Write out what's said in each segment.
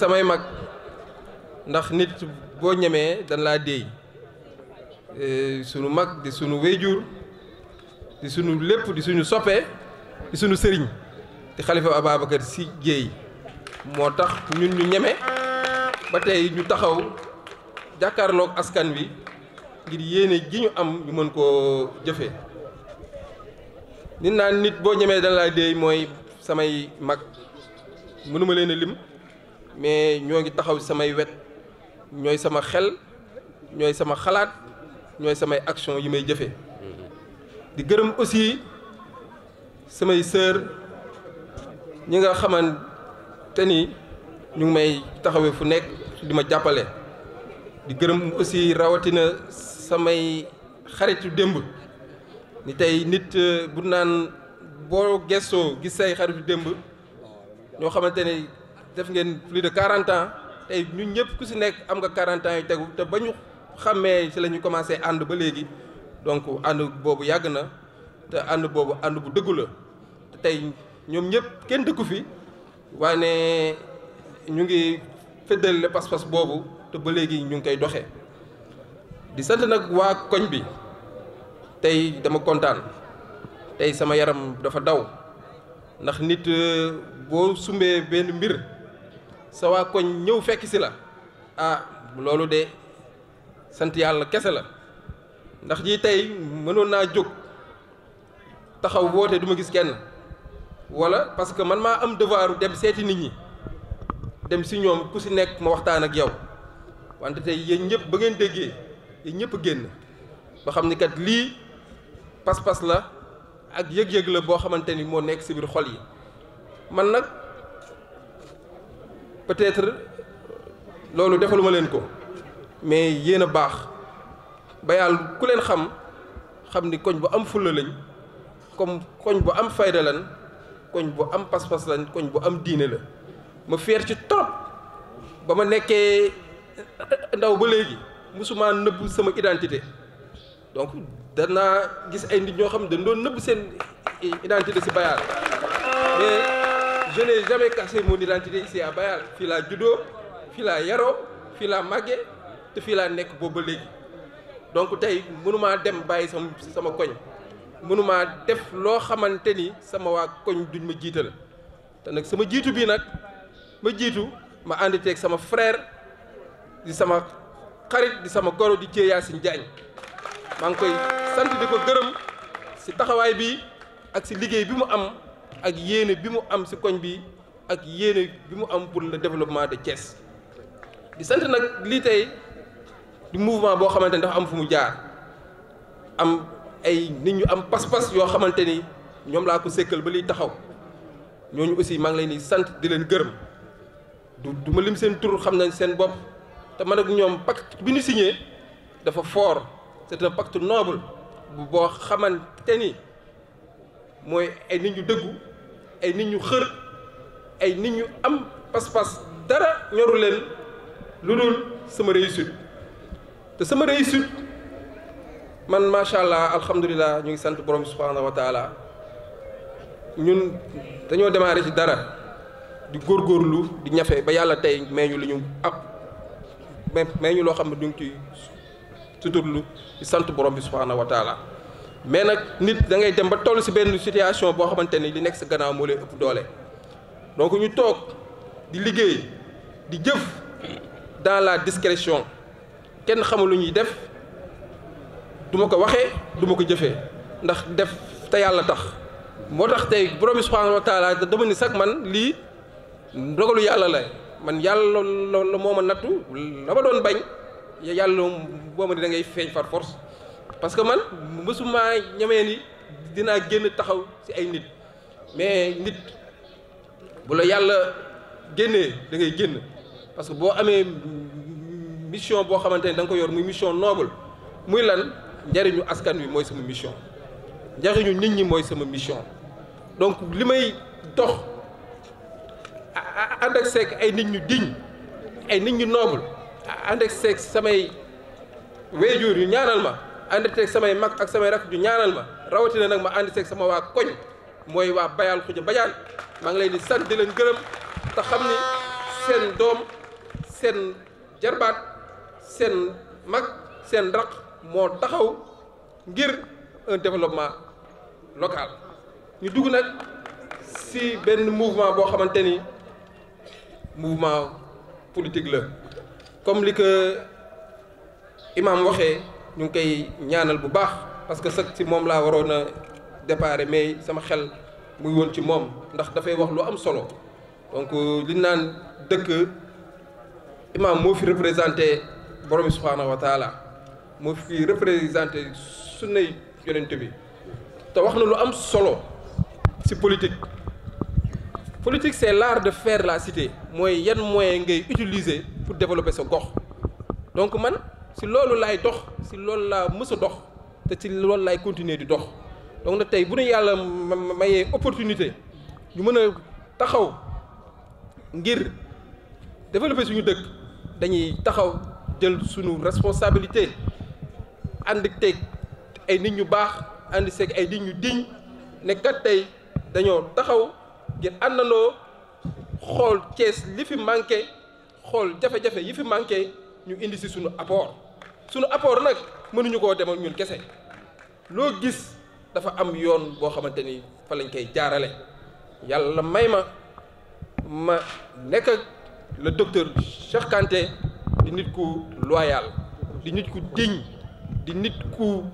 samay mag ndax nit boo ñemee dañ laa déey eh, sunu mag di sunu wéyjur di sunu lépp di suñu soppe di sunu sëriñ di xalifa Ababacar Sy Dieye moo tax ñun ñu ñeme ba tey ñu taxaw jàkkaarloog askan wi ngir yéene ji ñu am ñu mën koo jëfe nit naan nit boo ñemee dañ laa déey mooy samay mag mënuma leen a lim mais ñoo ngi taxaw samay wet ñooy sama xel ñooy sama xalaat ñooy samay action yi may jëfee di gërëm aussi samay sœur ñi nga xamante ni ñu ngi may taxawee fu nekk di ma jàppale di gërëm aussi rawatina samay xaritu démb ni tey nit euh, bu naan boo gestoo gis say xaritu démb ñoo xamante ne def ngeen plus de quarante ans tey ñun ñëpp ku si nekk am nga 40 ans yu tegu te ba ñu xàmmee si la ñu commencé ànd ba léegi donc ànd boobu yàgg na te ànd boobu ànd bu dëggu la te tey ñoom ñëpp kenn dëkku fi waane ñu ngi feddal le pas-pas boobu te ba léegi ñu ngi koy doxee di sant nag waa koñ bi tey dama kontaan tey sama yaram dafa daw ndax nit euh, boo sumbee benn mbir sa waa koñ ñëw fekk si la ah loolu de sant yàlla kese la ndax ji tey mënoon naa jóg taxaw woote du ma gis kenn walla parce que man maa am devoiru dem seeti nit ñi dem si ñoom ku si nekk ma waxtaan ak yow wante tey yéen ñëpp ba ngeen déggee yéen ñëpp génn ba xam ni kat lii pas-pas la ak yëg-yëg la boo xamante ni moo nekk si biir xol yi man nag. peut-être loolu defaluma leen ko mais yéen a baax ba ku leen xam xam ni koñ bu am fulla lañ comme koñ bu am fayda lan koñ bu am pas-pas lañ koñ bu am diine la ma fier ci trop ba ma nekkee ndaw ba léegi musuma nëbb sama identité donc danaa gis ay nit ñoo xam ne dañ doon nëbb seen identité si Bayal je n'ai jamais caché mon identité ici à Bayal fii laa juddoo fii laa yaroo fii laa màggee te fii laa nekk boobu ba léegi donc tey mënumaa dem bàyyi sama koñ mënumaa def loo xamante ni sama waa koñ duñ ma jiital te nag sama jiitu bii nag ma jiitu ma ànd teeg sama frère di sama xarit di sama goro di Thie Yacine Diagne maa ngi koy sant di ko gërëm si taxawaay bi ak si liggéey bi mu am. ak yéene bi mu am si koñ bi ak yéene bi mu am pour la développement de Thiès di sant nag lii tey di mouvement boo xamante ni dafa am fu mu jaar am ay nit ñu am pas-pas yoo xamante ni ñoom laa ko sékkal ba liy taxaw ñooñu aussi maa ngi leen di sant di leen gërëm du duma lim seen tur xam na seen bopp te man ak ñoom pacte bi ñu signé dafa fort c'est un pacte noble bu boo xamante ni. mooy ay nit ñu dëggu ay nit ñu xër ay nit ñu am pas-pas dara ñoru leen lu dul sama réussite te sama réussite man macha allah alhamdulilah ñu ngi sant borom subhanahu wa taala ñun dañoo démarré ci dara di góor góorlu di ñafe ba yàlla tey may ñu lu ñu ab may ñu loo xam ne du ngi ci suturlu ci sant borom bi subhanahu wa taala mais nag nit da ngay dem ba toll ci benn situation boo xamante ni li nekk sa gannaaw moo lay ëpp doole donc ñu toog di liggéey di jëf dans la discrétion kenn xamul lu ñuy def du ma ko waxee duma ko jëfee ndax def te yàlla tax moo tax tey borom bi subhaanahu wa taala dama ni sax man lii ndogalu yàlla la man yàlla la moo ma nattu la ma doon bañ yàlla boo ma ni da ngay feeñ par force parce que man mësumaa ñemee ni dinaa génn taxaw ci ay nit mais nit bu la yàlla génnee dangay génn parce que boo amee mission boo xamante ni da ko yor muy mission noble muy lan njariñu askan wi mooy sama mission njariñu nit ñi mooy sama mission donc li may dox ànd ak ay nit ñu digne ay nit ñu noble ànd ak samay waajur yu ñaanal ma ànd ak samay mag ak samay rak ju ñaanal ma rawatina nag ma ànd teg sama waa koñ mooy waa bayaal xuja bajaan maa ngi leen di san di leen gërëm te xam ni seen doom seen jarbaat seen mag seen raq moo taxaw ngir un développement local ñu dugg nag si benn mouvement boo xamante ni mouvement politique la comme li ko imam waxee ñu ngi koy ñaanal bu baax parce que sëg si moom laa waroon a déparé mais sama xel muy woon ci moom ndax dafay wax lu am solo donc euh, li naan dëkk imaam moo fi représenté borom bi subhaanahu wa taala moo fi représenté sunnay yonent bi te wax na lu am solo ci politique politique c'est l'art de faire la cité mooy yan moyen ngay utiliser pour développer sa gox donc man si loolu laay dox si loolu laa mës dox te ci loolu laay continuer di dox donc nag tey bu nu yàlla mayee opportunité ñu mën a taxaw ngir développer suñu dëkk dañuy taxaw jël suñu responsabilité ànd teg ay nit ñu baax indi seeg ay nit ñu diñ ne kat tey dañoo taxaw ngir àndandoo xool Cees li fi manqué xool jafe-jafe yi fi manqué ñu indi si suñu apport sunu apport nag mënuñu koo demal ñun kese loo gis dafa am yoon boo xamante ni fa lañ koy jaarale yàlla may ma ma nekk ak le docteur Cheikh Kanté di nit ku loyal di nit ku digne di nit ku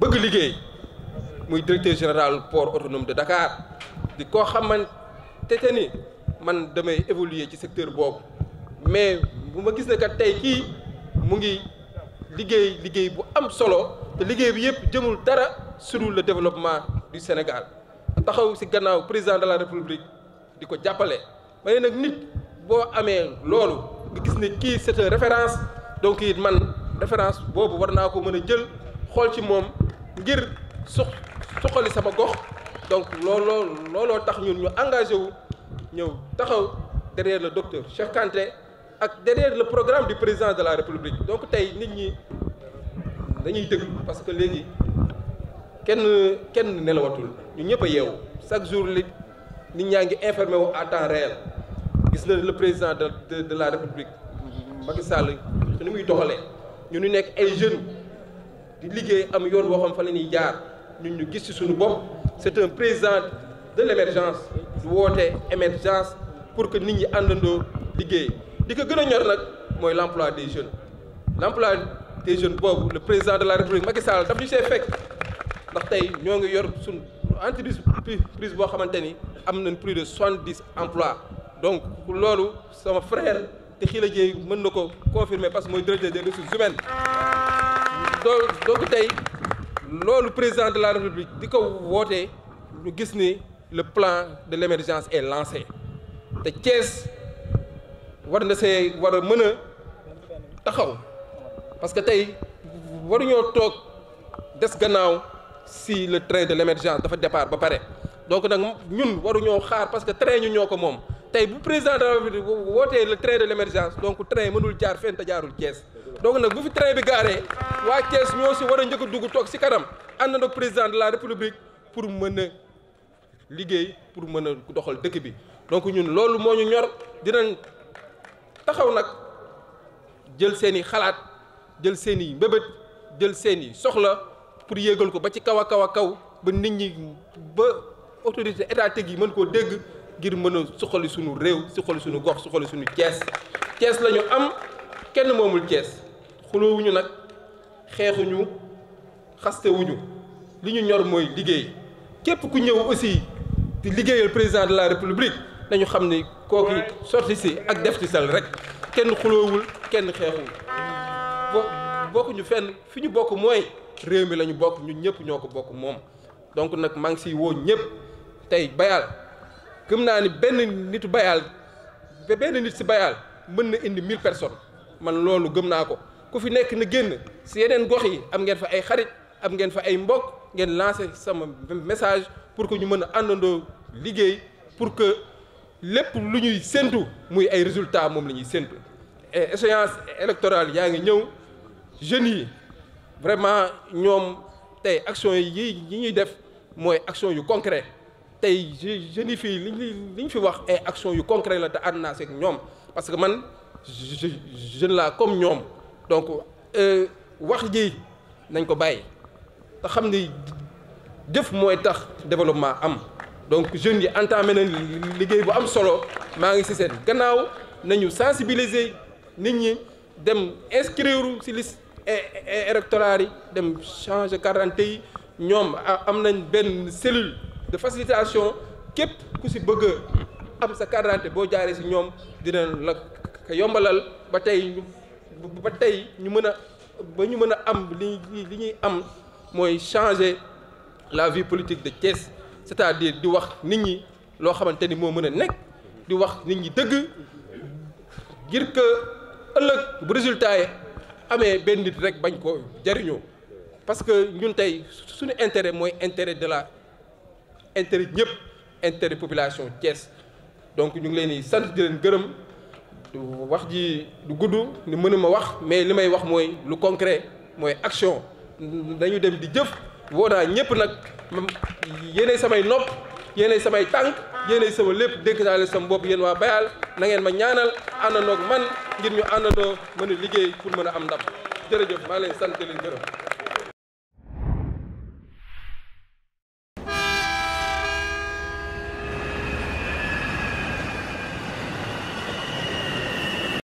bëgg liggéey muy directeur général port autonome de Dakar di koo xamante te ni man damay évoluer ci secteur boobu mais bu ma gis ne kat tey kii mu ngi liggéey liggéey bu am solo te liggéey bi yëpp jëmul dara sur le développement du Sénégal taxaw ci gannaaw président de la République di ko jàppale. ma nag nit boo amee loolu nga gis ne kii c'est une référence donc it man référence boobu war naa ko mën a jël xool ci moom ngir su suqali sama gox donc looloo looloo tax ñun ñu engagé wu ñëw taxaw derrière le docteur Cheikh Kanté. ak derrière le programme du président de la république donc tey nit ñi dañuy déglu parce que léegi kenn kenn nelawatul ñu ñëpp a yeewu chaque jour li nit ñaa ngi informé wu à temps réel gis na le président de de, la république Macky Sall ni muy doxalee ñu ñu nekk ay jeunes di liggéey am yoon woo xam fa la ñuy jaar ñu ñu gis ci suñu bopp c'est un président de l'émergence du woote émergence pour que nit ñi àndandoo liggéey li ko gën a ñor nag mooy l' emploi des jeunes l' emploi des jeunes boobu le président de la république Macky Sall daf ñu see fekk ndax tey ñoo ngi yor suñ entreprise prise boo xamante ni am nañ plus de soixante-dix emplois donc loolu sama frère te xii la jéey mën na ko confirmer parce que mooy directeur des ressources humaines donc tey loolu président de la république di ko woote ñu gis ni le plan de l' émergence est lancé te Thiès war na see war a mën a taxaw parce que tey waruñoo toog des gannaaw si le train de l'émergence dafa départ ba pare donc nag ñun waruñoo xaar parce que train ñu ñoo ko moom tey bu président de la République wootee le train de l'émergence donc train mënul jaar fenn te jaarul Thiès donc nag bu fi train bi gaaree waa Thiès ñoo si war a njëkk a dugg toog si kanam ànd na président de la République pour mën a liggéey pour mën a doxal dëkk bi donc ñun loolu moo ñu ñor dinañ. taxaw nag jël seeni xalaat jël seeni mbébét jël seeni soxla pour yéegal ko ba ci kaw a kaw a kaw ba nit ñi ba autorité étatique gi mën koo dégg ngir mën a suqali suñu réew suqali suñu gox suqali suñu Cees Cees lañu am kenn moomul Cees xuloowuñu nag xeexuñu xastewuñu li ñu ñor mooy liggéey képp ku ñëw aussi di liggéeyal président de la république dañu xam ni kooku sotti si ak def ci sal rek kenn xuloowul kenn xeexul bo bokkuñu fenn fi ñu bokk mooy réew mi la ñu bokk ñëpp ñoo ko bokk moom donc nag maa ngi siy woo ñëpp tey bayal gëm naa ni benn nitu bayal benn nit si bayal mën na indi mille personnes man loolu gëm naa ko ku fi nekk na génn si yeneen gox yi am ngeen fa ay xarit am ngeen fa ay mbokk ngeen lancé sama message pour que ñu mën a àndandoo liggéey pour que lépp lu ñuy séentu muy ay résultat moom la ñuy séntu et échéance électorale yaa ngi ñëw jeunes yi vraiment ñoom tey action yi yi ñuy def mooy action yu concret tey jeunes yi fii li ñu fi wax ay action yu concret la te ànd naa seeg ñoom parce que man jeune laa comme ñoom donc euh, wax ji nañ ko bàyyi te xam ni jëf mooy tax développement am donc jeunes yi entamé nañ liggéey bu am solo maa ngi ci seen gannaaw nañu sensibiliser nit ñi dem inscrire ci liste électorale yi dem changer quarante yi ñoom am nañ benn cellule de facilitation képp ku ci bëgg am sa carte boo jaaree si ñoom dinañ la yombalal ba tey ba tey ñu mën a ba ñu mën a am li li ñuy am mooy changer la vie politique de Thiès. cest à di wax nit ñi loo xamante ni moo mën a nekk di wax nit ñi dëgg ngir que ëllëg bu résultat yi amee benn nit rek bañ ko jariñoo parce que ñun tey suñu intérêt mooy intérêt de la intérêt ñëpp intérêt population Thiès donc ñu ngi leen di sant di leen gërëm wax ji du gudd ni mënuma wax mais li may wax mooy lu concret mooy action dañu dem di jëf woo naa ñëpp nag yéenay samay nopp yeneen samay tànk yéenay sama lépp dénk naa leen sama bopp waa Bayal na ngeen ma ñaanal àndandoo man ngir ñu àndandoo mën a liggéey pour mën a am ndam jërëjëf maa leen sant leen gërëm.